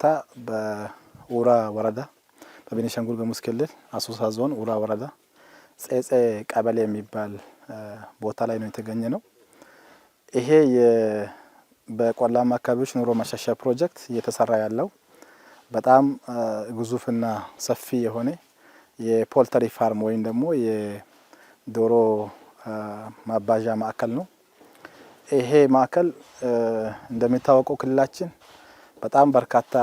ቦታ በኡራ ወረዳ በቤኒሻንጉል ጉሙዝ ክልል አሶሳ ዞን ኡራ ወረዳ ጼጼ ቀበሌ የሚባል ቦታ ላይ ነው የተገኘ ነው። ይሄ በቆላማ አካባቢዎች ኑሮ ማሻሻያ ፕሮጀክት እየተሰራ ያለው በጣም ግዙፍና ሰፊ የሆነ የፖልተሪ ፋርም ወይም ደግሞ የዶሮ ማባዣ ማዕከል ነው። ይሄ ማዕከል እንደሚታወቀው ክልላችን በጣም በርካታ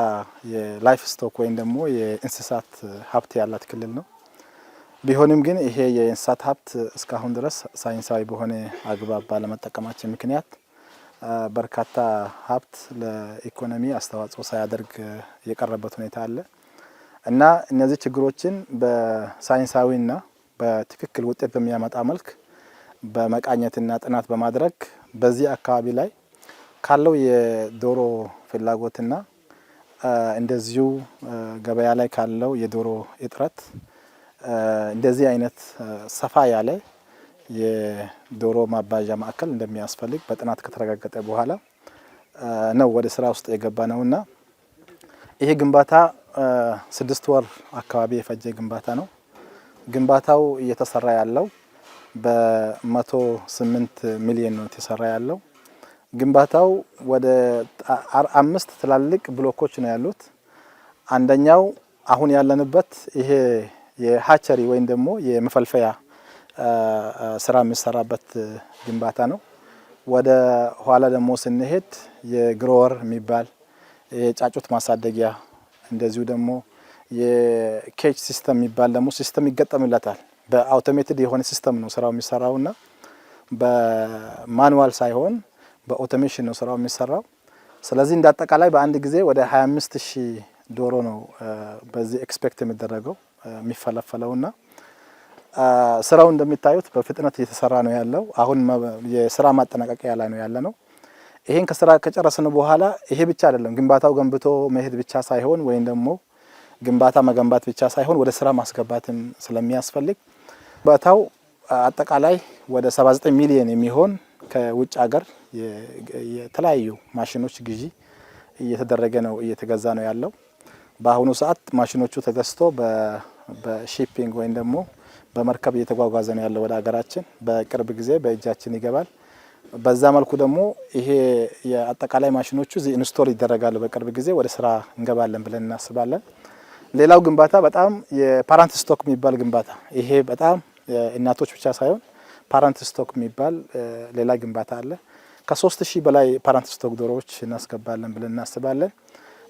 የላይፍ ስቶክ ወይም ደግሞ የእንስሳት ሀብት ያላት ክልል ነው። ቢሆንም ግን ይሄ የእንስሳት ሀብት እስካሁን ድረስ ሳይንሳዊ በሆነ አግባብ ባለመጠቀማችን ምክንያት በርካታ ሀብት ለኢኮኖሚ አስተዋጽኦ ሳያደርግ የቀረበት ሁኔታ አለ እና እነዚህ ችግሮችን በሳይንሳዊና በትክክል ውጤት በሚያመጣ መልክ በመቃኘትና ጥናት በማድረግ በዚህ አካባቢ ላይ ካለው የዶሮ ፍላጎትና እንደዚሁ ገበያ ላይ ካለው የዶሮ እጥረት እንደዚህ አይነት ሰፋ ያለ የዶሮ ማባዣ ማዕከል እንደሚያስፈልግ በጥናት ከተረጋገጠ በኋላ ነው ወደ ስራ ውስጥ የገባ እና ይሄ ግንባታ ስድስት ወር አካባቢ የፈጀ ግንባታ ነው። ግንባታው እየተሰራ ያለው በመቶ ስምንት ሚሊዮን ነው የተሰራ ያለው። ግንባታው ወደ አምስት ትላልቅ ብሎኮች ነው ያሉት። አንደኛው አሁን ያለንበት ይሄ የሃቸሪ ወይም ደግሞ የመፈልፈያ ስራ የሚሰራበት ግንባታ ነው። ወደ ኋላ ደግሞ ስንሄድ የግሮወር የሚባል የጫጩት ማሳደጊያ እንደዚሁ ደግሞ የኬጅ ሲስተም የሚባል ደግሞ ሲስተም ይገጠምለታል። በአውቶሜትድ የሆነ ሲስተም ነው ስራው የሚሰራውና በማኑዋል ሳይሆን በኦቶሜሽን ነው ስራው የሚሰራው። ስለዚህ እንዳጠቃላይ በአንድ ጊዜ ወደ 25 ሺህ ዶሮ ነው በዚህ ኤክስፔክት የሚደረገው የሚፈለፈለውና ስራው እንደሚታዩት በፍጥነት እየተሰራ ነው ያለው። አሁን የስራ ማጠናቀቂያ ላይ ነው ያለ ነው። ይሄን ከስራ ከጨረስን በኋላ ይሄ ብቻ አይደለም ግንባታው ገንብቶ መሄድ ብቻ ሳይሆን ወይም ደግሞ ግንባታ መገንባት ብቻ ሳይሆን ወደ ስራ ማስገባትም ስለሚያስፈልግ ግንባታው አጠቃላይ ወደ 79 ሚሊዮን የሚሆን ከውጭ ሀገር የተለያዩ ማሽኖች ግዢ እየተደረገ ነው እየተገዛ ነው ያለው። በአሁኑ ሰዓት ማሽኖቹ ተገዝቶ በሺፒንግ ወይም ደግሞ በመርከብ እየተጓጓዘ ነው ያለው ወደ ሀገራችን። በቅርብ ጊዜ በእጃችን ይገባል። በዛ መልኩ ደግሞ ይሄ የአጠቃላይ ማሽኖቹ ኢንስቶል ይደረጋሉ። በቅርብ ጊዜ ወደ ስራ እንገባለን ብለን እናስባለን። ሌላው ግንባታ በጣም የፓራንት ስቶክ የሚባል ግንባታ ይሄ በጣም እናቶች ብቻ ሳይሆን ፓረንት ስቶክ የሚባል ሌላ ግንባታ አለ። ከሶስት ሺህ በላይ ፓረንት ስቶክ ዶሮዎች እናስገባለን ብለን እናስባለን።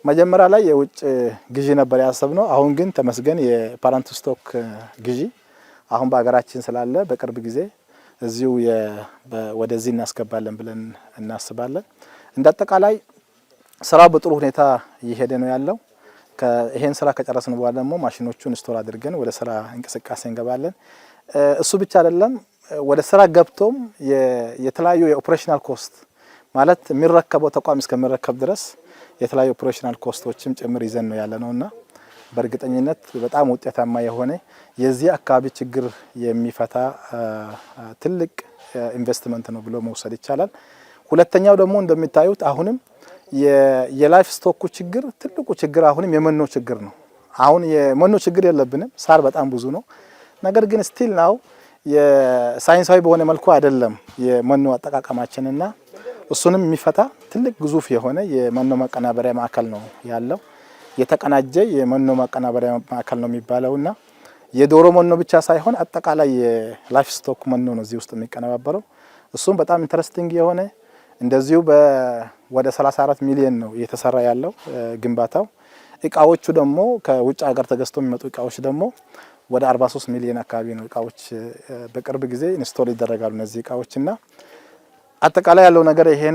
መጀመሪያ ላይ የውጭ ግዢ ነበር ያሰብነው። አሁን ግን ተመስገን የፓረንት ስቶክ ግዢ አሁን በሀገራችን ስላለ በቅርብ ጊዜ እዚሁ ወደዚህ እናስገባለን ብለን እናስባለን። እንደ አጠቃላይ ስራው በጥሩ ሁኔታ እየሄደ ነው ያለው። ይሄን ስራ ከጨረስን በኋላ ደግሞ ማሽኖቹን ስቶር አድርገን ወደ ስራ እንቅስቃሴ እንገባለን። እሱ ብቻ አይደለም። ወደ ስራ ገብቶም የተለያዩ የኦፕሬሽናል ኮስት ማለት የሚረከበው ተቋም እስከሚረከብ ድረስ የተለያዩ ኦፕሬሽናል ኮስቶችም ጭምር ይዘን ነው ያለ ነውና በእርግጠኝነት በጣም ውጤታማ የሆነ የዚህ አካባቢ ችግር የሚፈታ ትልቅ ኢንቨስትመንት ነው ብሎ መውሰድ ይቻላል። ሁለተኛው ደግሞ እንደሚታዩት አሁንም የላይፍ ስቶኩ ችግር ትልቁ ችግር አሁንም የመኖ ችግር ነው። አሁን የመኖ ችግር የለብንም፣ ሳር በጣም ብዙ ነው። ነገር ግን ስቲል ናው የሳይንሳዊ በሆነ መልኩ አይደለም የመኖ አጠቃቀማችንና እሱንም የሚፈታ ትልቅ ግዙፍ የሆነ የመኖ ማቀናበሪያ ማዕከል ነው ያለው። የተቀናጀ የመኖ ማቀናበሪያ ማዕከል ነው የሚባለውና የዶሮ መኖ ብቻ ሳይሆን አጠቃላይ የላይፍ ስቶክ መኖ ነው እዚህ ውስጥ የሚቀነባበረው። እሱም በጣም ኢንተረስቲንግ የሆነ እንደዚሁ ወደ 34 ሚሊዮን ነው እየተሰራ ያለው ግንባታው። እቃዎቹ ደግሞ ከውጭ ሀገር ተገዝቶ የሚመጡ እቃዎች ደግሞ ወደ 43 ሚሊዮን አካባቢ ነው እቃዎች በቅርብ ጊዜ ኢንስቶል ይደረጋሉ እነዚህ እቃዎች እና አጠቃላይ ያለው ነገር ይሄ ነው።